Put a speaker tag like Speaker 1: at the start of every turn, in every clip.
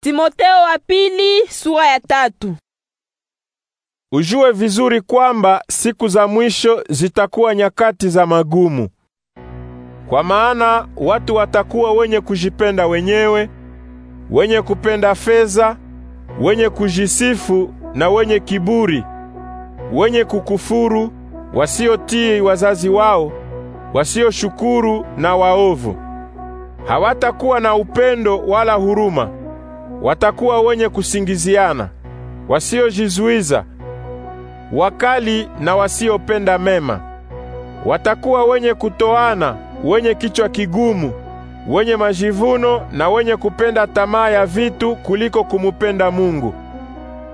Speaker 1: Timoteo wa pili, sura ya tatu. Ujue vizuri kwamba siku za mwisho zitakuwa nyakati za magumu. Kwa maana watu watakuwa wenye kujipenda wenyewe, wenye kupenda fedha, wenye kujisifu na wenye kiburi, wenye kukufuru, wasiotii wazazi wao, wasioshukuru na waovu. Hawatakuwa na upendo wala huruma watakuwa wenye kusingiziana, wasiojizuiza, wakali na wasiopenda mema. Watakuwa wenye kutoana, wenye kichwa kigumu, wenye majivuno na wenye kupenda tamaa ya vitu kuliko kumupenda Mungu.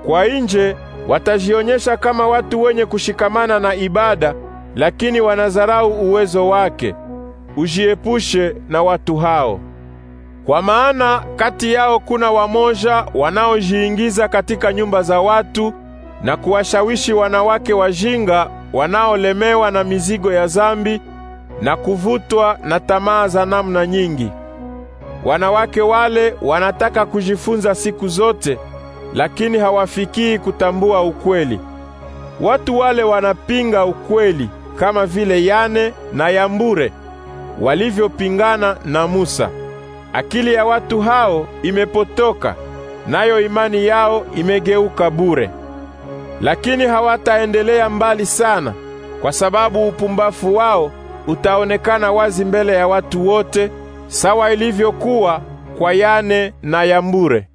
Speaker 1: Kwa nje watajionyesha kama watu wenye kushikamana na ibada, lakini wanadharau uwezo wake. Ujiepushe na watu hao. Kwa maana kati yao kuna wamoja wanaojiingiza katika nyumba za watu na kuwashawishi wanawake wajinga wanaolemewa na mizigo ya zambi na kuvutwa na tamaa za namna nyingi. Wanawake wale wanataka kujifunza siku zote, lakini hawafikii kutambua ukweli. Watu wale wanapinga ukweli kama vile Yane na Yambure walivyopingana na Musa. Akili ya watu hao imepotoka, nayo imani yao imegeuka bure. Lakini hawataendelea mbali sana, kwa sababu upumbafu wao utaonekana wazi mbele ya watu wote, sawa ilivyokuwa kwa Yane na Yambure.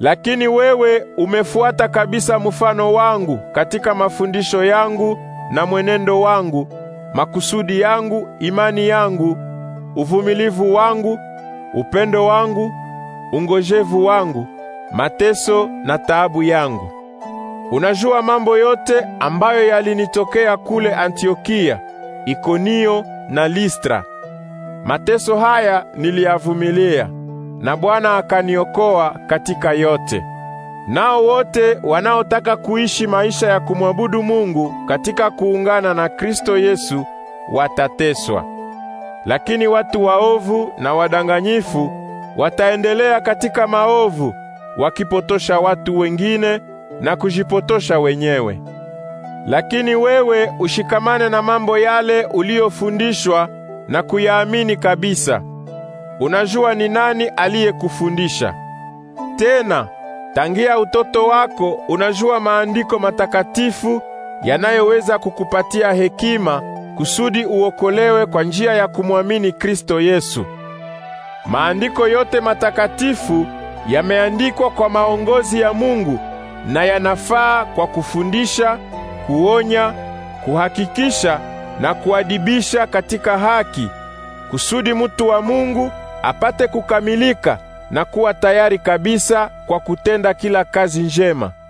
Speaker 1: Lakini wewe umefuata kabisa mfano wangu katika mafundisho yangu na mwenendo wangu, makusudi yangu, imani yangu, uvumilivu wangu upendo wangu, ungojevu wangu, mateso na taabu yangu. Unajua mambo yote ambayo yalinitokea kule Antiokia, Ikonio na Listra. Mateso haya niliyavumilia na Bwana akaniokoa katika yote. Nao wote wanaotaka kuishi maisha ya kumwabudu Mungu katika kuungana na Kristo Yesu watateswa. Lakini watu waovu na wadanganyifu wataendelea katika maovu, wakipotosha watu wengine na kujipotosha wenyewe. Lakini wewe ushikamane na mambo yale uliyofundishwa na kuyaamini kabisa. Unajua ni nani aliyekufundisha. Tena tangia utoto wako unajua maandiko matakatifu yanayoweza kukupatia hekima kusudi uokolewe kwa njia ya kumwamini Kristo Yesu. Maandiko yote matakatifu yameandikwa kwa maongozi ya Mungu na yanafaa kwa kufundisha, kuonya, kuhakikisha na kuadibisha katika haki, kusudi mtu wa Mungu apate kukamilika na kuwa tayari kabisa kwa kutenda kila kazi njema.